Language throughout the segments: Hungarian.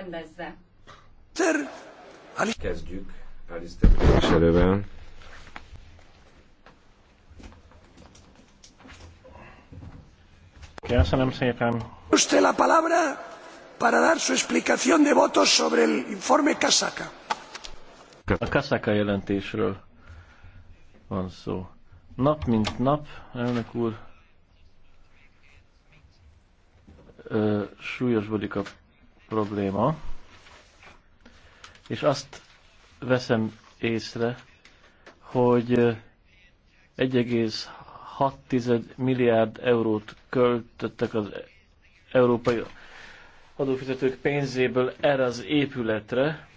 rendezze. Kezdjük Alisztán képviselővel. Köszönöm szépen. Usted la palabra para dar su explicación de voto sobre el informe Casaca. A Casaca jelentésről van szó. Nap mint nap, elnök úr, súlyosbodik a probléma, és azt veszem észre, hogy 1,6 milliárd eurót költöttek az európai adófizetők pénzéből erre az épületre.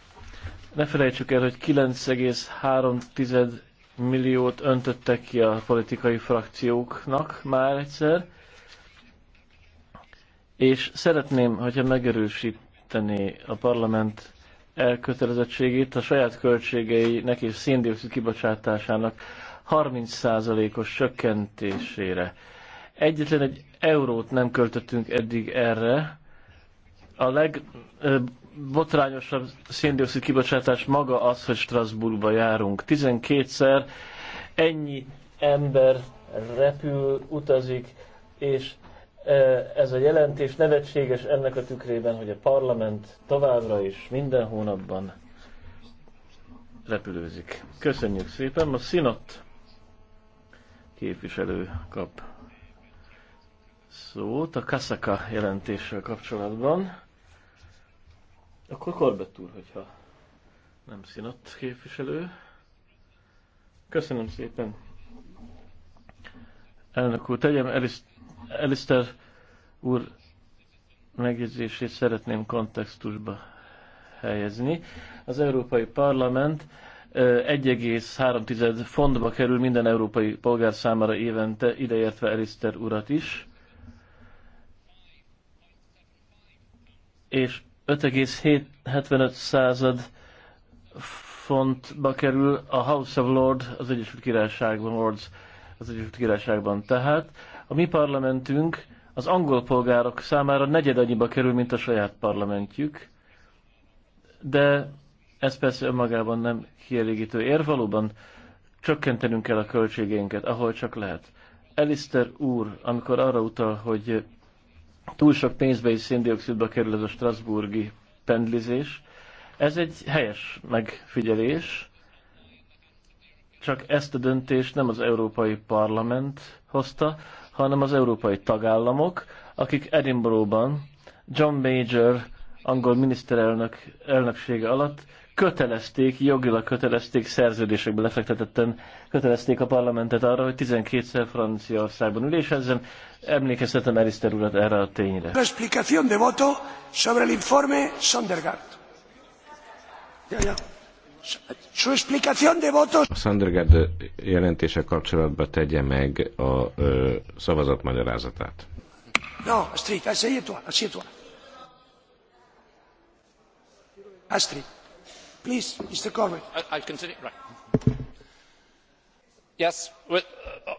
Ne felejtsük el, hogy 9,3 milliót öntöttek ki a politikai frakcióknak már egyszer, és szeretném, hogyha megerősíteni a parlament elkötelezettségét a saját költségeinek és széndiokszid kibocsátásának 30%-os csökkentésére. Egyetlen egy eurót nem költöttünk eddig erre. A legbotrányosabb széndiokszid kibocsátás maga az, hogy Strasbourgba járunk. 12-szer ennyi ember repül, utazik, és E, ez a jelentés nevetséges ennek a tükrében, hogy a parlament továbbra is minden hónapban repülőzik. Köszönjük szépen. A Sinat képviselő kap szót a Kaszaka jelentéssel kapcsolatban. Akkor Korbett úr, hogyha nem Sinat képviselő. Köszönöm szépen. Elnök úr, tegyem el is Elisztár úr megjegyzését szeretném kontextusba helyezni. Az Európai Parlament 1,3 fontba kerül minden európai polgár számára évente, ideértve Eliszter urat is, és 5,75 század fontba kerül a House of Lords az Egyesült Királyságban, Lords az Egyesült Királyságban. Tehát a mi parlamentünk az angol polgárok számára negyed annyiba kerül, mint a saját parlamentjük, de ez persze önmagában nem kielégítő ér, valóban csökkentenünk kell a költségeinket, ahol csak lehet. Elister úr, amikor arra utal, hogy túl sok pénzbe és széndiokszidba kerül ez a strasburgi pendlizés, ez egy helyes megfigyelés, csak ezt a döntést nem az Európai Parlament hozta, hanem az európai tagállamok, akik Edinburgh-ban John Major angol miniszterelnök elnöksége alatt kötelezték, jogilag kötelezték, szerződésekbe lefektetetten kötelezték a parlamentet arra, hogy 12-szer Franciaországban ülésezzen. Emlékeztetem Eriszter urat erre a tényre. Explicación de voto sobre el informe Sondergaard. Ja, ja. Sandergaard jelentése kapcsolatban tegye meg a ö, szavazat No, Astrid, ez itt van, ez itt van. Astrid, please, Mr. Corbett. I, I continue, right. Yes, well, uh,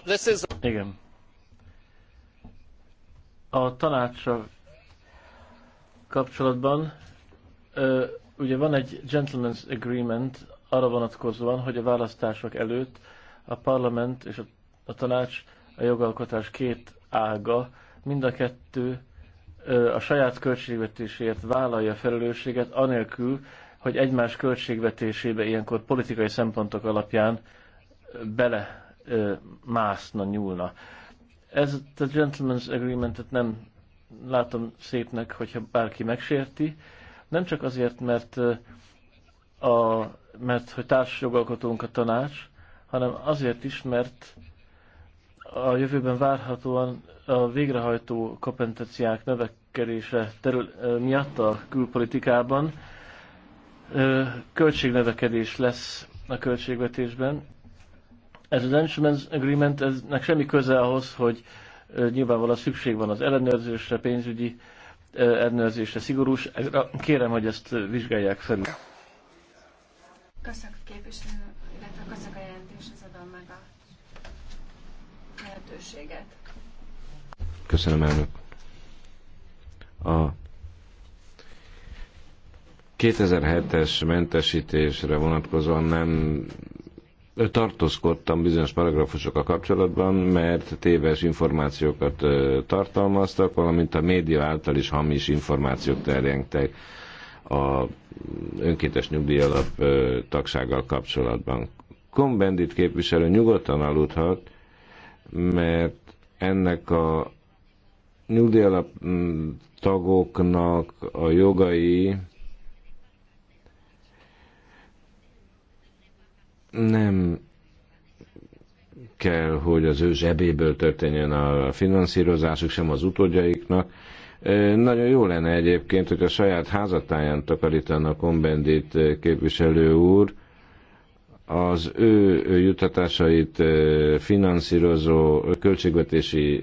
uh, this is... Igen. A tanácsra kapcsolatban ö, Ugye van egy gentleman's agreement arra vonatkozóan, hogy a választások előtt a parlament és a, a tanács, a jogalkotás két ága, mind a kettő a saját költségvetésért vállalja a felelősséget, anélkül, hogy egymás költségvetésébe ilyenkor politikai szempontok alapján bele mászna, nyúlna. Ez a gentleman's agreementet nem látom szépnek, hogyha bárki megsérti, nem csak azért, mert, a, mert hogy társjogalkotónk a tanács, hanem azért is, mert a jövőben várhatóan a végrehajtó kompetenciák növekedése terül, miatt a külpolitikában költségnövekedés lesz a költségvetésben. Ez az Instruments Agreement, eznek semmi köze ahhoz, hogy nyilvánvalóan szükség van az ellenőrzésre, pénzügyi ellenőrzése szigorúságra. Kérem, hogy ezt vizsgálják felül. Kaszak képviselő, illetve a kaszak jelentéshez adom meg a lehetőséget. Köszönöm, elnök. A 2007-es mentesítésre vonatkozóan nem tartózkodtam bizonyos paragrafusokkal kapcsolatban, mert téves információkat tartalmaztak, valamint a média által is hamis információk terjengtek a önkéntes nyugdíjalap tagsággal kapcsolatban. Kombendit képviselő nyugodtan aludhat, mert ennek a nyugdíjalap tagoknak a jogai nem kell, hogy az ő zsebéből történjen a finanszírozásuk, sem az utódjaiknak. Nagyon jó lenne egyébként, hogy a saját házatáján a Konbendit képviselő úr, az ő, ő juttatásait finanszírozó költségvetési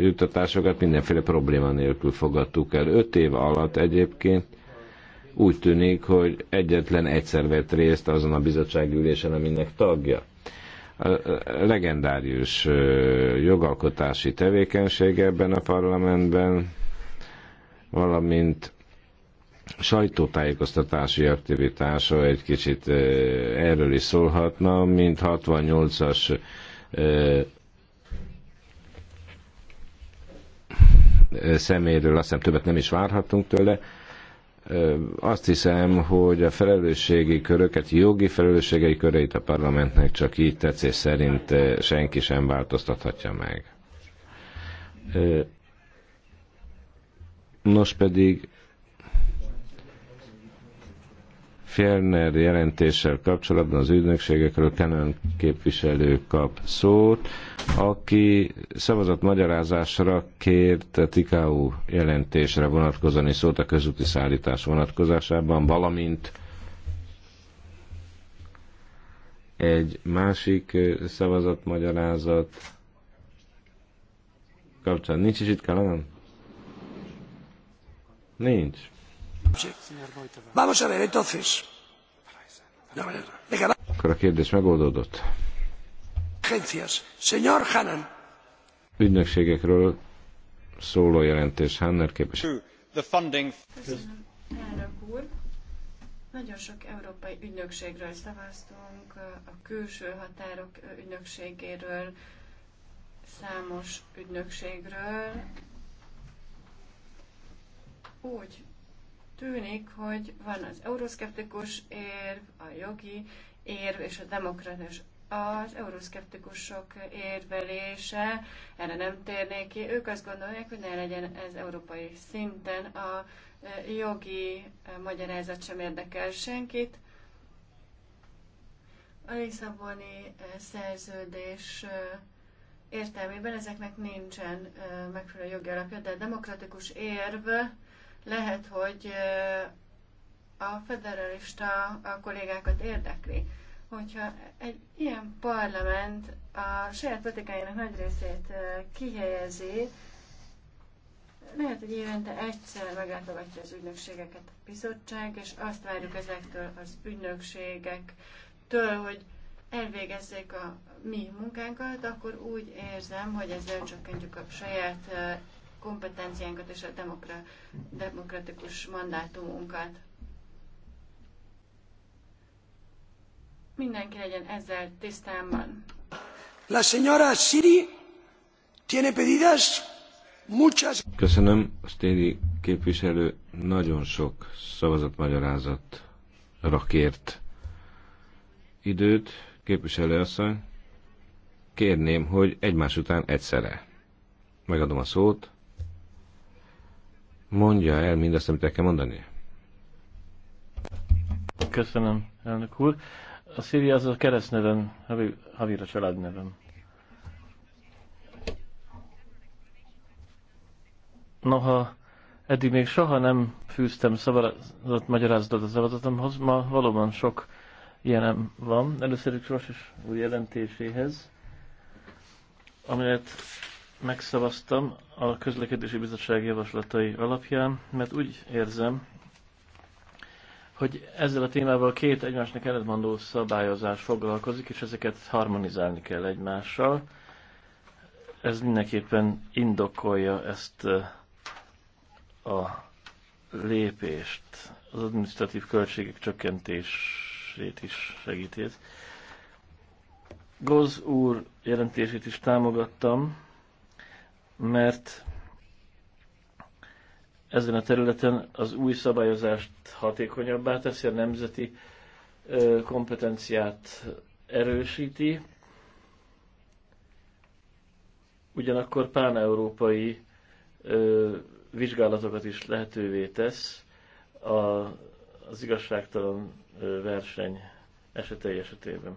juttatásokat mindenféle probléma nélkül fogadtuk el. Öt év alatt egyébként úgy tűnik, hogy egyetlen egyszer vett részt azon a bizottsági ülésen, aminek tagja. A legendárius jogalkotási tevékenység ebben a parlamentben, valamint sajtótájékoztatási aktivitása egy kicsit erről is szólhatna, mint 68-as szeméről, azt hiszem többet nem is várhatunk tőle. Azt hiszem, hogy a felelősségi köröket, jogi felelősségei köreit a parlamentnek csak így tetszés szerint senki sem változtathatja meg. Nos pedig Fjellner jelentéssel kapcsolatban az ügynökségekről Kenan képviselő kap szót, aki szavazat magyarázásra kért a TIKAU jelentésre vonatkozani szót a közúti szállítás vonatkozásában, valamint egy másik szavazat magyarázat kapcsán. Nincs is itt Kalanan? Nincs. Vamos a ver, entonces. Akkor a kérdés megoldódott. Ügynökségekről szóló jelentés Hanner képviselő. elnök úr. Nagyon sok európai ügynökségről szavaztunk, a külső határok ügynökségéről, számos ügynökségről. Úgy tűnik, hogy van az euroszkeptikus érv, a jogi érv és a demokratikus az euroszkeptikusok érvelése, erre nem térnék ki, ők azt gondolják, hogy ne legyen ez európai szinten, a e, jogi e, magyarázat sem érdekel senkit. A Lisszaboni e, szerződés értelmében ezeknek nincsen megfelelő jogi alapja, de demokratikus érv lehet, hogy a federalista a kollégákat érdekli, hogyha egy ilyen parlament a saját politikájának nagy részét kihelyezi, lehet, hogy évente egyszer meglátogatja az ügynökségeket a bizottság, és azt várjuk ezektől az ügynökségektől, hogy elvégezzék a mi munkánkat, akkor úgy érzem, hogy ezzel csökkentjük a saját kompetenciánkat és a demokra, demokratikus mandátumunkat. Mindenki legyen ezzel tisztában. La señora Siri tiene pedidas muchas. Köszönöm, Stéri képviselő nagyon sok szavazatmagyarázatra kért időt, asszony, Kérném, hogy egymás után egyszerre. Megadom a szót mondja el mindazt, amit el kell mondani. Köszönöm, elnök úr. A Szíria az a keresztnevem, Havira családnevem. Noha eddig még soha nem fűztem szavazat, magyarázatot a szavazatomhoz, ma valóban sok ilyenem van. Először is Rosses új jelentéséhez, amelyet megszavaztam a közlekedési bizottság javaslatai alapján, mert úgy érzem, hogy ezzel a témával két egymásnak ellentmondó szabályozás foglalkozik, és ezeket harmonizálni kell egymással. Ez mindenképpen indokolja ezt a lépést, az administratív költségek csökkentését is segíti. Goz úr jelentését is támogattam, mert ezen a területen az új szabályozást hatékonyabbá teszi, a nemzeti kompetenciát erősíti, ugyanakkor páneurópai vizsgálatokat is lehetővé tesz a, az igazságtalan verseny esetei esetében.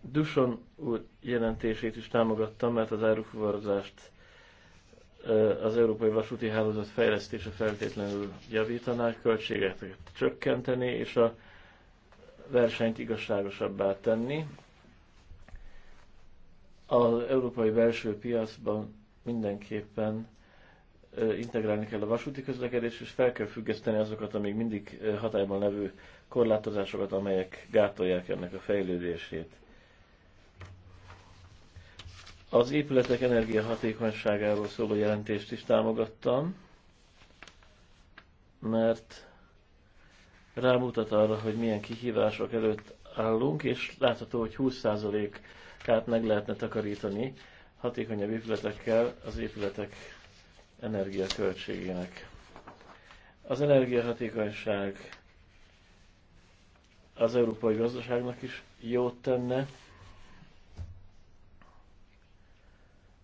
Duson úr jelentését is támogattam, mert az árufuvarozást az európai vasúti hálózat fejlesztése feltétlenül javítaná, költségeket csökkenteni, és a versenyt igazságosabbá tenni. Az európai belső piacban mindenképpen integrálni kell a vasúti közlekedés, és fel kell függeszteni azokat a még mindig hatályban levő korlátozásokat, amelyek gátolják ennek a fejlődését. Az épületek energiahatékonyságáról szóló jelentést is támogattam, mert rámutat arra, hogy milyen kihívások előtt állunk, és látható, hogy 20%-át meg lehetne takarítani hatékonyabb épületekkel az épületek energiaköltségének. Az energiahatékonyság az európai gazdaságnak is jót tenne,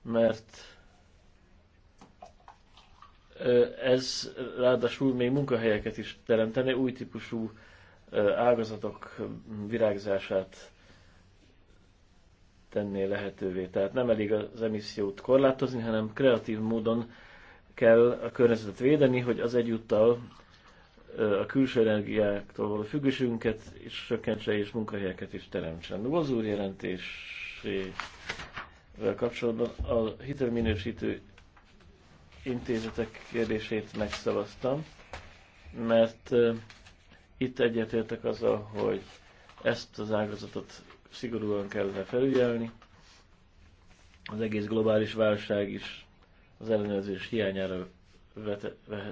mert ez ráadásul még munkahelyeket is teremteni, új típusú ágazatok virágzását tenné lehetővé. Tehát nem elég az emissziót korlátozni, hanem kreatív módon kell a környezetet védeni, hogy az egyúttal a külső energiáktól való függőségünket is csökkentse és munkahelyeket is teremtsen. A Bozúr kapcsolatban a hitelminősítő intézetek kérdését megszavaztam, mert itt egyetértek azzal, hogy ezt az ágazatot szigorúan kellene felügyelni. Az egész globális válság is az ellenőrzés hiányára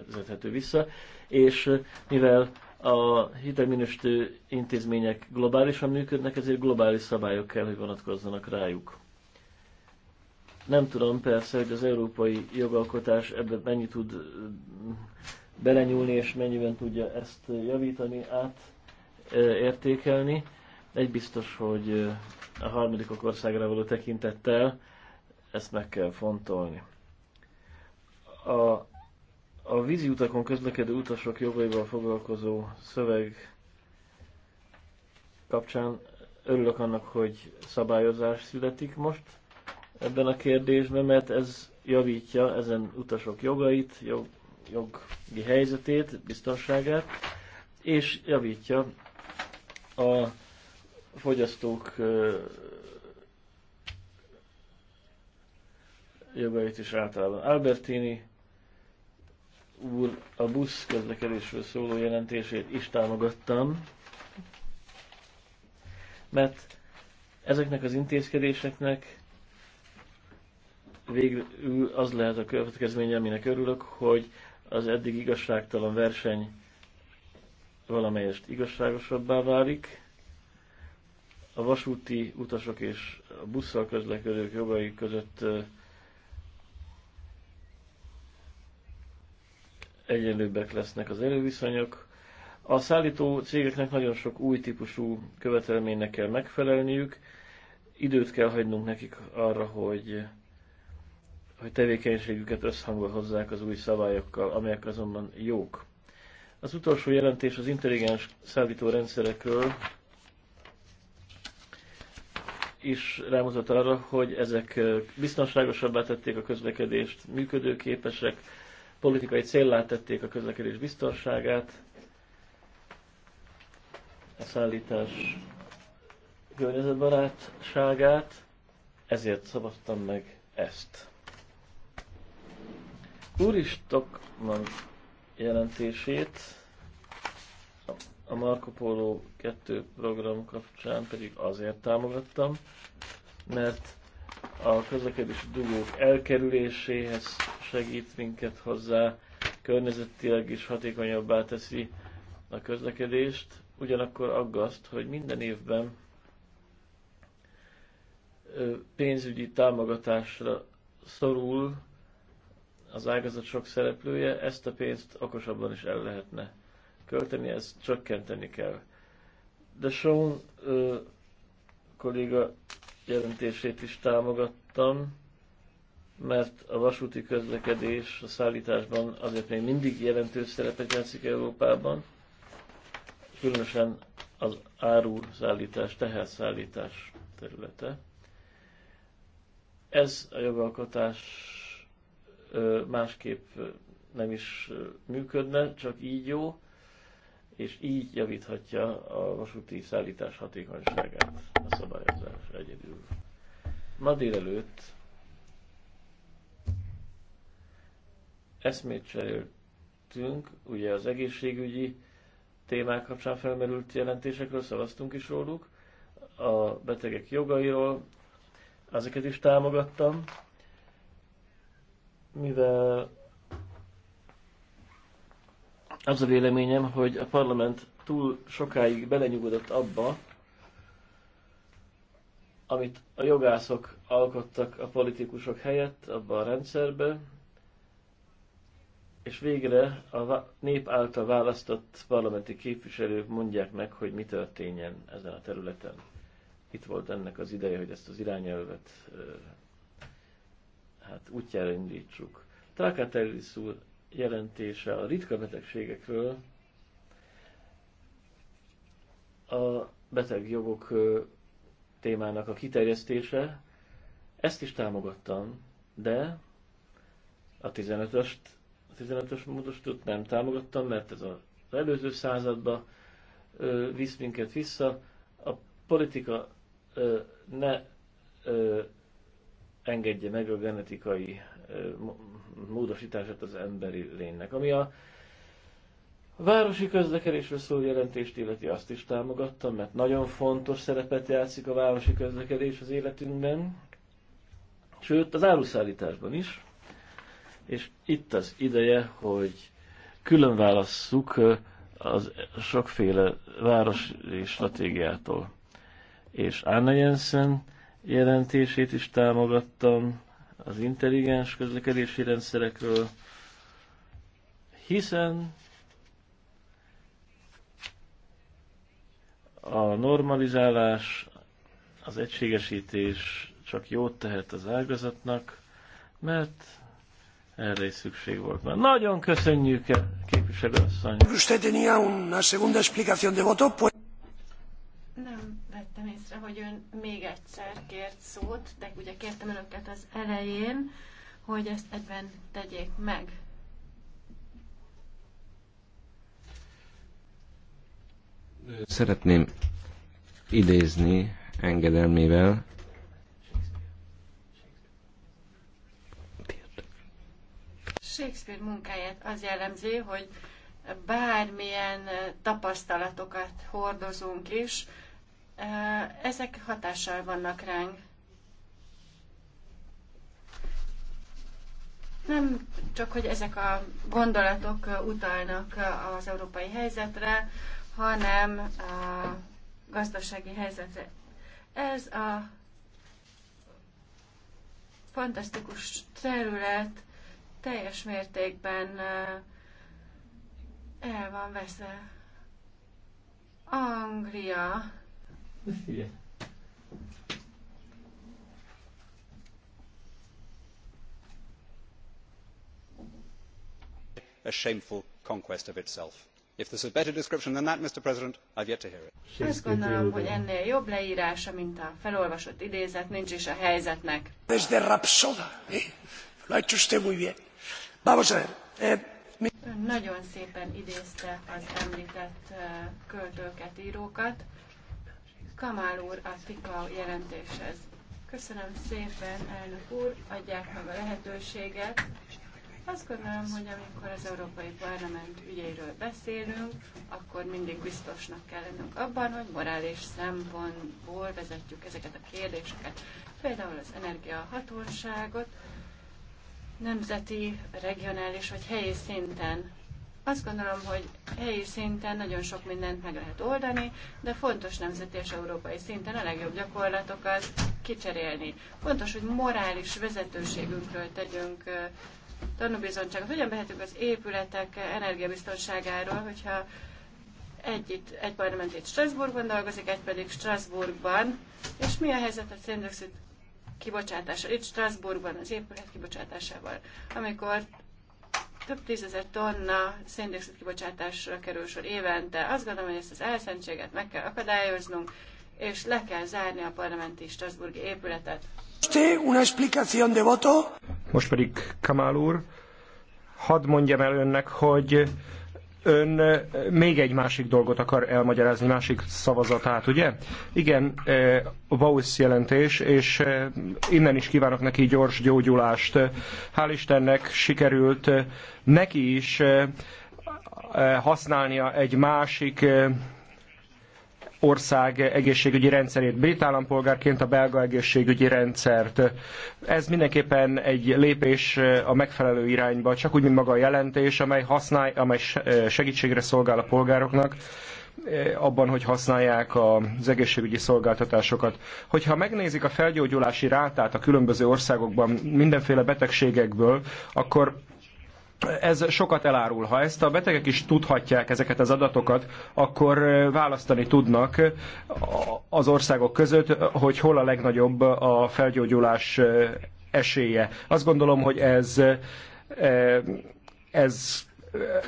vezethető vissza, és mivel a hitelminősítő intézmények globálisan működnek, ezért globális szabályok kell, hogy vonatkozzanak rájuk. Nem tudom persze, hogy az európai jogalkotás ebben mennyi tud belenyúlni, és mennyiben tudja ezt javítani, át értékelni. Egy biztos, hogy a harmadikok országra való tekintettel ezt meg kell fontolni. A, a vízi utakon közlekedő utasok jogaival foglalkozó szöveg kapcsán örülök annak, hogy szabályozás születik most, ebben a kérdésben, mert ez javítja ezen utasok jogait, jog, jogi helyzetét, biztonságát, és javítja a fogyasztók jogait is általában. Albertini úr a busz közlekedésről szóló jelentését is támogattam, mert ezeknek az intézkedéseknek végül az lehet a következménye, aminek örülök, hogy az eddig igazságtalan verseny valamelyest igazságosabbá válik, a vasúti utasok és a busszal közlekedők jogai között egyenlőbbek lesznek az előviszonyok. A szállító cégeknek nagyon sok új típusú követelménynek kell megfelelniük, időt kell hagynunk nekik arra, hogy hogy tevékenységüket összhangba hozzák az új szabályokkal, amelyek azonban jók. Az utolsó jelentés az intelligens szállítórendszerekről is rámutat arra, hogy ezek biztonságosabbá tették a közlekedést, működőképesek, politikai céllá tették a közlekedés biztonságát, a szállítás környezetbarátságát, ezért szavaztam meg ezt. Úri jelentését a Marco Polo 2 program kapcsán pedig azért támogattam, mert a közlekedési dugók elkerüléséhez segít minket hozzá, környezetileg is hatékonyabbá teszi a közlekedést, ugyanakkor aggaszt, hogy minden évben pénzügyi támogatásra szorul az ágazat sok szereplője, ezt a pénzt okosabban is el lehetne költeni, ezt csökkenteni kell. De Sean ö, kolléga jelentését is támogattam, mert a vasúti közlekedés a szállításban azért még mindig jelentős szerepet játszik Európában, különösen az áru szállítás, teherszállítás területe. Ez a jogalkotás másképp nem is működne, csak így jó, és így javíthatja a vasúti szállítás hatékonyságát a szabályozás egyedül. Ma délelőtt eszmét cseréltünk, ugye az egészségügyi témák kapcsán felmerült jelentésekről szavaztunk is róluk, a betegek jogairól, ezeket is támogattam, mivel az a véleményem, hogy a parlament túl sokáig belenyugodott abba, amit a jogászok alkottak a politikusok helyett abba a rendszerbe, és végre a nép által választott parlamenti képviselők mondják meg, hogy mi történjen ezen a területen. Itt volt ennek az ideje, hogy ezt az irányelvet hát útjára indítsuk. Trakatellis úr jelentése a ritka betegségekről a betegjogok témának a kiterjesztése, ezt is támogattam, de a 15-öst, a 15-ös módosítót nem támogattam, mert ez az előző századba ö, visz minket vissza. A politika ö, ne ö, engedje meg a genetikai módosítását az emberi lénynek. Ami a városi közlekedésről szól jelentést illeti, azt is támogattam, mert nagyon fontos szerepet játszik a városi közlekedés az életünkben, sőt az áruszállításban is, és itt az ideje, hogy külön válasszuk az sokféle városi stratégiától. És Anna Jensen jelentését is támogattam az intelligens közlekedési rendszerekről, hiszen a normalizálás, az egységesítés csak jót tehet az ágazatnak, mert erre is szükség volt. Már nagyon köszönjük, képviselőasszony! Usted tenía una segunda explicación de voto, vettem észre, hogy ön még egyszer kért szót, de ugye kértem önöket az elején, hogy ezt egyben tegyék meg. Szeretném idézni engedelmével Shakespeare munkáját az jellemzi, hogy bármilyen tapasztalatokat hordozunk is, ezek hatással vannak ránk. Nem csak, hogy ezek a gondolatok utalnak az európai helyzetre, hanem a gazdasági helyzetre. Ez a fantasztikus terület teljes mértékben el van veszve. Anglia de figyelj. a shameful conquest of itself. If there's a better description than that, Mr. President, I've yet to hear it. Azt gondolom, hogy ennél jobb leírása, mint a felolvasott idézet, nincs is a helyzetnek. Ez de rapsoda. Eh? Lo ha hecho usted muy bien. Vamos a ver. Eh, mi... nagyon szépen idézte az említett eh, költőket, írókat. Kamál úr a FIKA jelentéshez. Köszönöm szépen, elnök úr, adják meg a lehetőséget. Azt gondolom, hogy amikor az Európai Parlament ügyeiről beszélünk, akkor mindig biztosnak kell lennünk abban, hogy morális szempontból vezetjük ezeket a kérdéseket. Például az energiahatóságot, nemzeti, regionális vagy helyi szinten azt gondolom, hogy helyi szinten nagyon sok mindent meg lehet oldani, de fontos nemzeti és európai szinten a legjobb gyakorlatokat kicserélni. Fontos, hogy morális vezetőségünkről tegyünk tanúbizonyságot. Hogyan behetünk az épületek energiabiztonságáról, hogyha egy, itt, egy parlament itt Strasbourgban dolgozik, egy pedig Strasbourgban. És mi a helyzet a széndiokszid kibocsátása itt Strasbourgban az épület kibocsátásával, amikor több tízezer tonna széndiokszid kibocsátásra kerül sor évente. Azt gondolom, hogy ezt az elszentséget meg kell akadályoznunk, és le kell zárni a parlamenti Strasburgi épületet. Most pedig Kamál úr, hadd mondjam el önnek, hogy ön még egy másik dolgot akar elmagyarázni, másik szavazatát, ugye? Igen, a jelentés, és innen is kívánok neki gyors gyógyulást. Hál' Istennek sikerült neki is használnia egy másik ország egészségügyi rendszerét, brit állampolgárként a belga egészségügyi rendszert. Ez mindenképpen egy lépés a megfelelő irányba, csak úgy, mint maga a jelentés, amely, használ, amely segítségre szolgál a polgároknak, eh, abban, hogy használják az egészségügyi szolgáltatásokat. Hogyha megnézik a felgyógyulási rátát a különböző országokban mindenféle betegségekből, akkor ez sokat elárul. Ha ezt a betegek is tudhatják, ezeket az adatokat, akkor választani tudnak az országok között, hogy hol a legnagyobb a felgyógyulás esélye. Azt gondolom, hogy ez, ez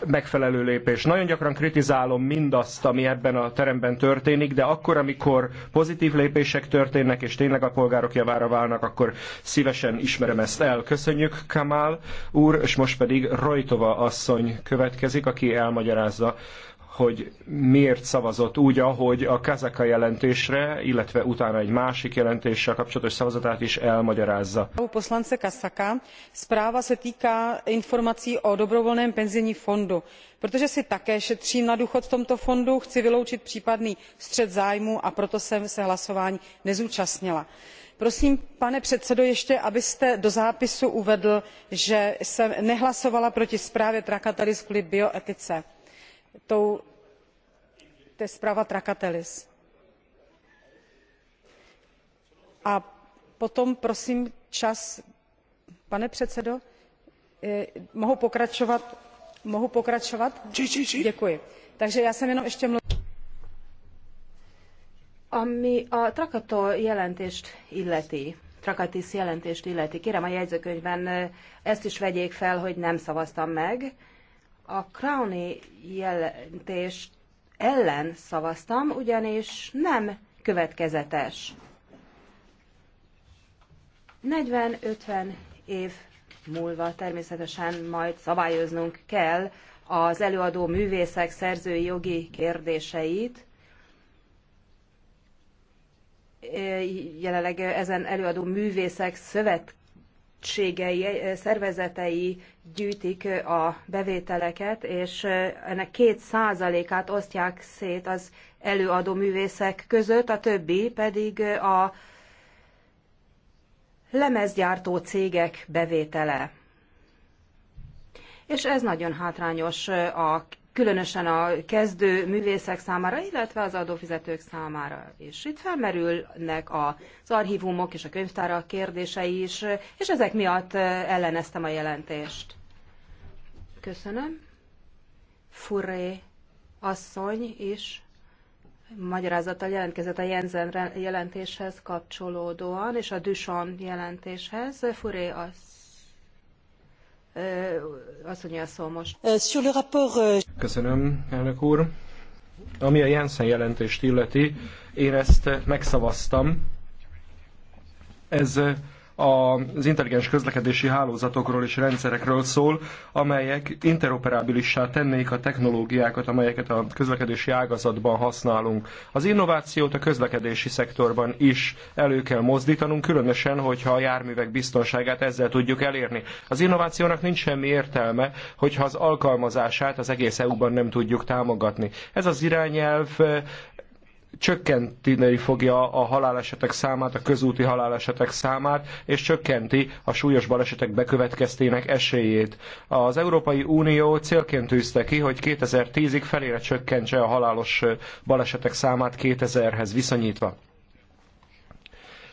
megfelelő lépés. Nagyon gyakran kritizálom mindazt, ami ebben a teremben történik, de akkor, amikor pozitív lépések történnek, és tényleg a polgárok javára válnak, akkor szívesen ismerem ezt el. Köszönjük, Kamal úr, és most pedig Rojtova asszony következik, aki elmagyarázza hogy miért szavazott úgy, ahogy a kazaka jelentésre, illetve utána egy másik jelentéssel kapcsolatos szavazatát is elmagyarázza. A poslance Kazaka správa se týká informací o dobrovolném penzijním fondu. Protože si také šetřím na důchod v tomto fondu, chci vyloučit případný střed zájmu a proto jsem se hlasování nezúčastnila prosím pane předsedo ještě abyste do zápisu uvedl že jsem nehlasovala proti zprávě trakatellis kvůli bioetice to je zpráva trakatellis. a potom prosím čas pane předsedo eh, mohu pokračovat? mohu pokračovat? děkuji. takže já jsem jenom ještě mluvila ami a Trakato jelentést illeti, Trakatis jelentést illeti, kérem a jegyzőkönyvben eh, ezt is vegyék fel, hogy nem szavaztam meg a Crowney jelentés ellen szavaztam, ugyanis nem következetes. 40-50 év múlva természetesen majd szabályoznunk kell az előadó művészek szerzői jogi kérdéseit. Jelenleg ezen előadó művészek szövet szövetségei, eh, szervezetei gyűjtik eh, a bevételeket, és eh, ennek két százalékát osztják szét az előadó művészek között, a többi pedig a lemezgyártó cégek bevétele. És ez nagyon hátrányos a különösen a kezdő művészek számára, illetve az adófizetők számára is. Itt felmerülnek az archívumok és a könyvtárak kérdései is, és ezek miatt elleneztem a jelentést. Köszönöm. Furé asszony is magyarázattal jelentkezett a Jensen jelentéshez kapcsolódóan, és a Duson jelentéshez. Furé asszony asszonyja szó most. Köszönöm, elnök úr. Ami a Jensen jelentést illeti, én ezt megszavaztam. Ez az intelligens közlekedési hálózatokról és rendszerekről szól, amelyek interoperábilissá tennék a technológiákat, amelyeket a közlekedési ágazatban használunk. Az innovációt a közlekedési szektorban is elő kell mozdítanunk, különösen, hogyha a járművek biztonságát ezzel tudjuk elérni. Az innovációnak nincs semmi értelme, hogyha az alkalmazását az egész EU-ban nem tudjuk támogatni. Ez az irányelv csökkenteni fogja a halálesetek számát, a közúti halálesetek számát, és csökkenti a súlyos balesetek bekövetkeztének esélyét. Az Európai Unió célként tűzte ki, hogy 2010-ig felére csökkentse a halálos balesetek számát 2000-hez viszonyítva.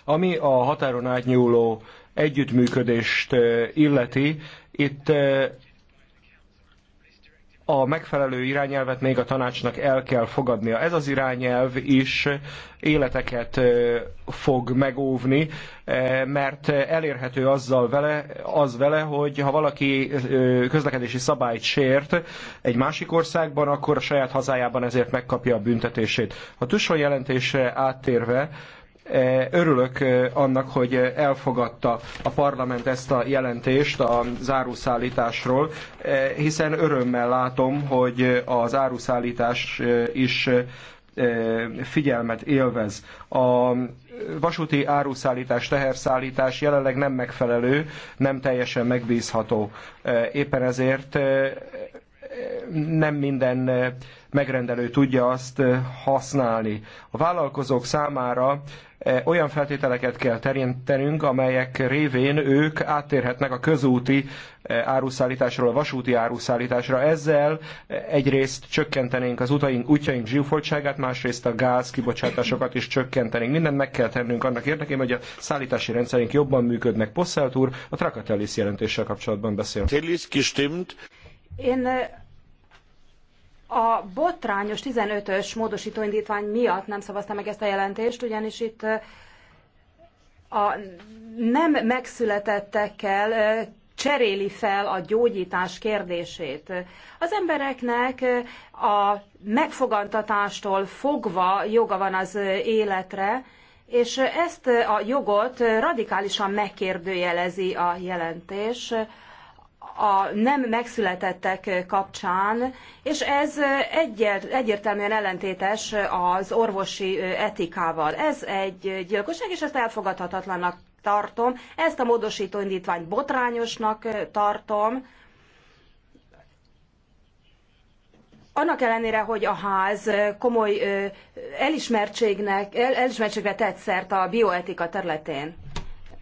Ami a határon átnyúló együttműködést illeti, itt a megfelelő irányelvet még a tanácsnak el kell fogadnia. Ez az irányelv is életeket fog megóvni, mert elérhető azzal vele, az vele, hogy ha valaki közlekedési szabályt sért egy másik országban, akkor a saját hazájában ezért megkapja a büntetését. A Tusson jelentésre áttérve, Eh, örülök eh, annak, hogy eh, elfogadta a parlament ezt a jelentést a záruszállításról, hiszen örömmel látom, hogy az áruszállítás is figyelmet élvez. A vasúti áruszállítás, teherszállítás jelenleg nem megfelelő, nem teljesen megbízható. Éppen ezért nem minden megrendelő tudja azt használni. A vállalkozók számára E, olyan feltételeket kell terjentenünk, amelyek révén ők áttérhetnek a közúti e, áruszállításról a vasúti áruszállításra. Ezzel e, egyrészt csökkentenénk az utaink, útjaink zsúfoltságát, másrészt a gáz kibocsátásokat is csökkentenénk. Mindent meg kell tennünk annak érdekében, hogy a szállítási rendszerünk jobban működnek. Posszelt úr a Trakatelis jelentéssel kapcsolatban beszél. Én a botrányos 15-ös módosítóindítvány miatt nem szavazta meg ezt a jelentést, ugyanis itt a nem megszületettekkel cseréli fel a gyógyítás kérdését. Az embereknek a megfogantatástól fogva joga van az életre, és ezt a jogot radikálisan megkérdőjelezi a jelentés a nem megszületettek kapcsán, és ez egyértelműen ellentétes az orvosi etikával. Ez egy gyilkosság, és ezt elfogadhatatlannak tartom. Ezt a módosító indítványt botrányosnak tartom. Annak ellenére, hogy a ház komoly elismertségnek, elismertségre tett szert a bioetika területén.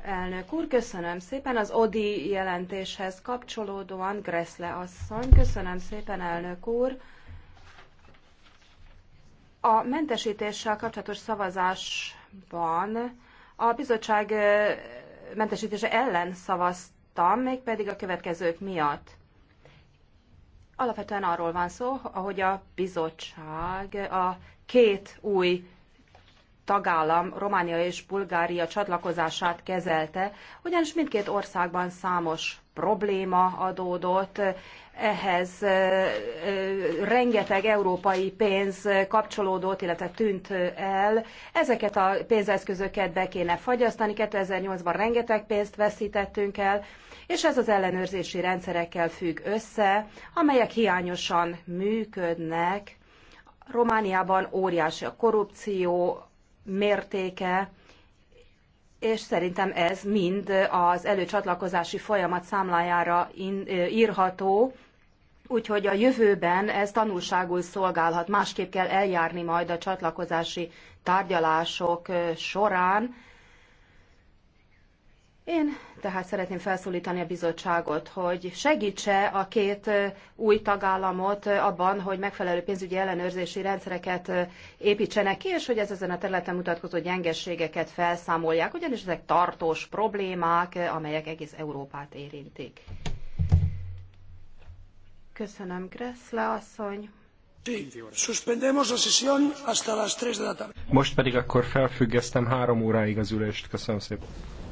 Elnök úr, köszönöm szépen. Az ODI jelentéshez kapcsolódóan Greszle asszony. Köszönöm szépen, elnök úr. A mentesítéssel kapcsolatos szavazásban a bizottság mentesítése ellen szavaztam, mégpedig a következők miatt. Alapvetően arról van szó, ahogy a bizottság a két új tagállam Románia és Bulgária csatlakozását kezelte, ugyanis mindkét országban számos probléma adódott, ehhez rengeteg európai pénz kapcsolódott, illetve tűnt el. Ezeket a pénzeszközöket be kéne fagyasztani, 2008-ban rengeteg pénzt veszítettünk el, és ez az ellenőrzési rendszerekkel függ össze, amelyek hiányosan működnek. Romániában óriási a korrupció, mértéke, és szerintem ez mind az előcsatlakozási folyamat számlájára írható, úgyhogy a jövőben ez tanulságul szolgálhat, másképp kell eljárni majd a csatlakozási tárgyalások során, én tehát szeretném felszólítani a bizottságot, hogy segítse a két új tagállamot abban, hogy megfelelő pénzügyi ellenőrzési rendszereket építsenek ki, és hogy ez ezen a területen mutatkozó gyengességeket felszámolják, ugyanis ezek tartós problémák, amelyek egész Európát érintik. Köszönöm, Gressle asszony. Most pedig akkor felfüggesztem három óráig az ülést. Köszönöm szépen.